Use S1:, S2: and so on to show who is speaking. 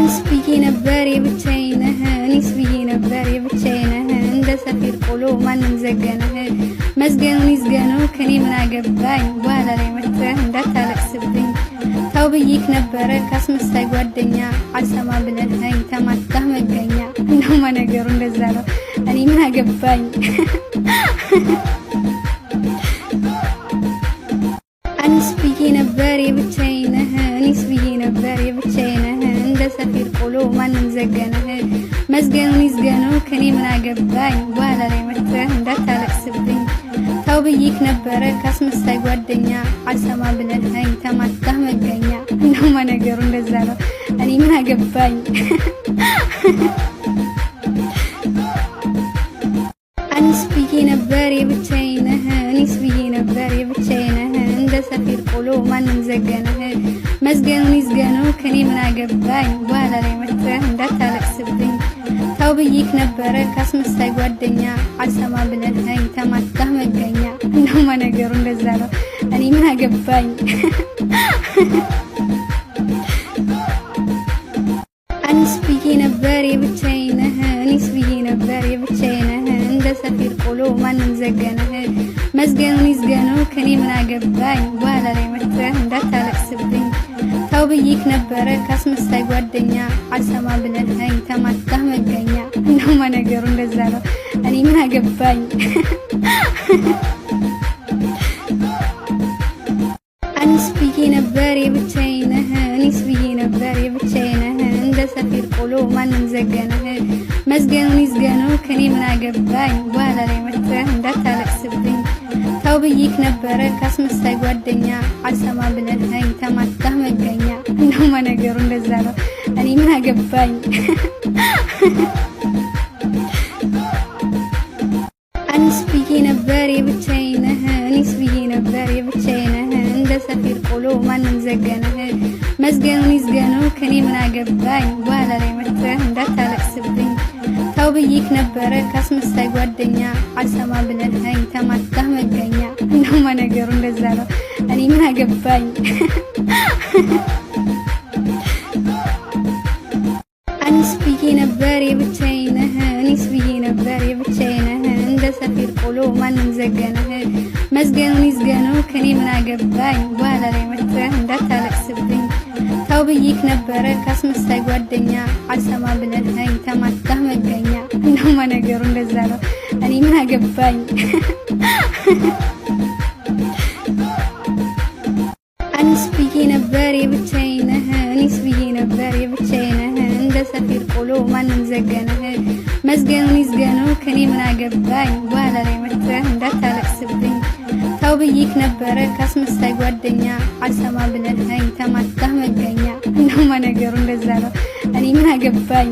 S1: እኔስ ብዬ ነበር የብቻዬነህ እኔስ ብዬ ነበር የብቻዬነህ እንደ ሰፌድ ቆሎ ማንም ዘገነህ መዝገኑን ይዝገኑ ከኔ ምን አገባኝ በኋላ ላይ መጥተህ እንዳታለቅስብኝ ተው ብዬህ ነበረ ካስመሳይ ጓደኛ አልሰማ ብለኸኝ ተማታህ መገኛ እንደውማ ነገሩ እንደዛ ነው እኔ ምን አገባኝ እኔስ ብዬ ነበር የብቻዬነህ እኔስ ብዬ ነበር የብቻዬ ሰፌድ ቆሎ ማንም ዘገነህ መዝገኑን ይዝገኑ ከኔ ምን አገባኝ በኋላ ላይ መጥተህ እንዳታለቅስብኝ ተው ብዬህ ነበረ ካስመሳይ ጓደኛ አልሰማ ብለኸኝ ተማታህ መገኛ እንደውማ ነገሩ እንደዛ ነው እኔ ምን አገባኝ አንስ ብዬ ነበር የብቻዬ ነህ እኔስ ብዬ ነበር የብቻዬ ነህ እንደ ሰፌድ ቆሎ ማንም ዘገነህ መዝገኑን ይዝገኑ ከኔ ምን አገባኝ። በኋላ ላይ መጥተህ እንዳታለቅስብኝ ተው ብዬህ ነበረ ካስመሳይ ጓደኛ አልሰማ ብለህኝ ተማታህ መገኛ። እንደውም ነገሩ እንደዛ ነው። እኔ ምን አገባኝ። እኔስ ብዬ ነበር የብቻዬንህ እኔስ ብዬ ነበር የብቻዬንህ እንደ ሰፊር ቆሎ ማንም ዘገነህ። መዝገኑን ይዝገኑ ከኔ ምን አገባኝ። በኋላ ላይ መጥተህ እንዳታለቅስብኝ ተው ብዬሽ ነበረ ካስመሳይ ጓደኛ አልሰማ ብለን አይ መገኛ። እንደውም ነገሩ እንደዛ ነው። እኔ ምን አገባኝ። አንስ ብዬ ነበር የብቻዬንህ እኔስ ብዬ ነበር የብቻዬንህ እንደ ሰፌድ ቆሎ ማንም ዘገነህ መዝገኑን ይዝገኑ ከኔ ምን አገባኝ። በኋላ ላይ መጥተህ እንዳታለቅስብኝ ብይክ ነበረ ካስመሳይ ጓደኛ አልሰማ ብለኸኝ ተማታ መገኛ። እንደውም ነገሩ እንደዛ ነው። እኔ ምን አገባኝ? አንስ ብዬ ነበር የብቻዬ እኔስ ብዬ ነበር የብቻዬ እንደ ሰፌድ ቆሎ ማንም ዘገነህ። መዝገኑን ይዝገኑ ከኔ ምን አገባኝ። በኋላ ላይ መጥተህ እንዳታለቅስብኝ ያው ብይክ ነበረ ካስመሳይ ጓደኛ አልሰማ ብለኸኝ ተማታ መገኛ። እንደማ ነገሩ እንደዛ ነው። እኔ ምን አገባኝ? እኔስ ብዬ ነበር የብቻዬ ነህ፣ እኔስ ብዬ ነበር የብቻዬ ነህ። እንደ ሰፊር ቆሎ ማንም ዘገነህ። መዝገኑን ይዝገኑ ከኔ ምን አገባኝ። በኋላ ላይ መጥተህ እንዳታለቅስብኝ ያው ብይክ ነበረ ካስመሳይ ጓደኛ አልሰማ ብለልኝ ተማታህ መገኛ። እንደውም ነገሩ እንደዛ ነው። እኔ ምን አገባኝ? አንስ ብዬ ነበር የብቻዬንህ፣ እኔስ ብዬ ነበር የብቻዬንህ። እንደ ሰፊር ቆሎ ማንም ዘገነህ። መዝገኑን ይዝገኑ ከኔ ምን አገባኝ። በኋላ ላይ መጥተህ እንዳታለቅስብኝ ተው ብይክ ነበረ ከስምስታይ ጓደኛ አልሰማ ብለኸኝ ተማታ መገኛ። እንደውማ ነገሩ እንደዛ ነው። እኔ ምን አገባኝ?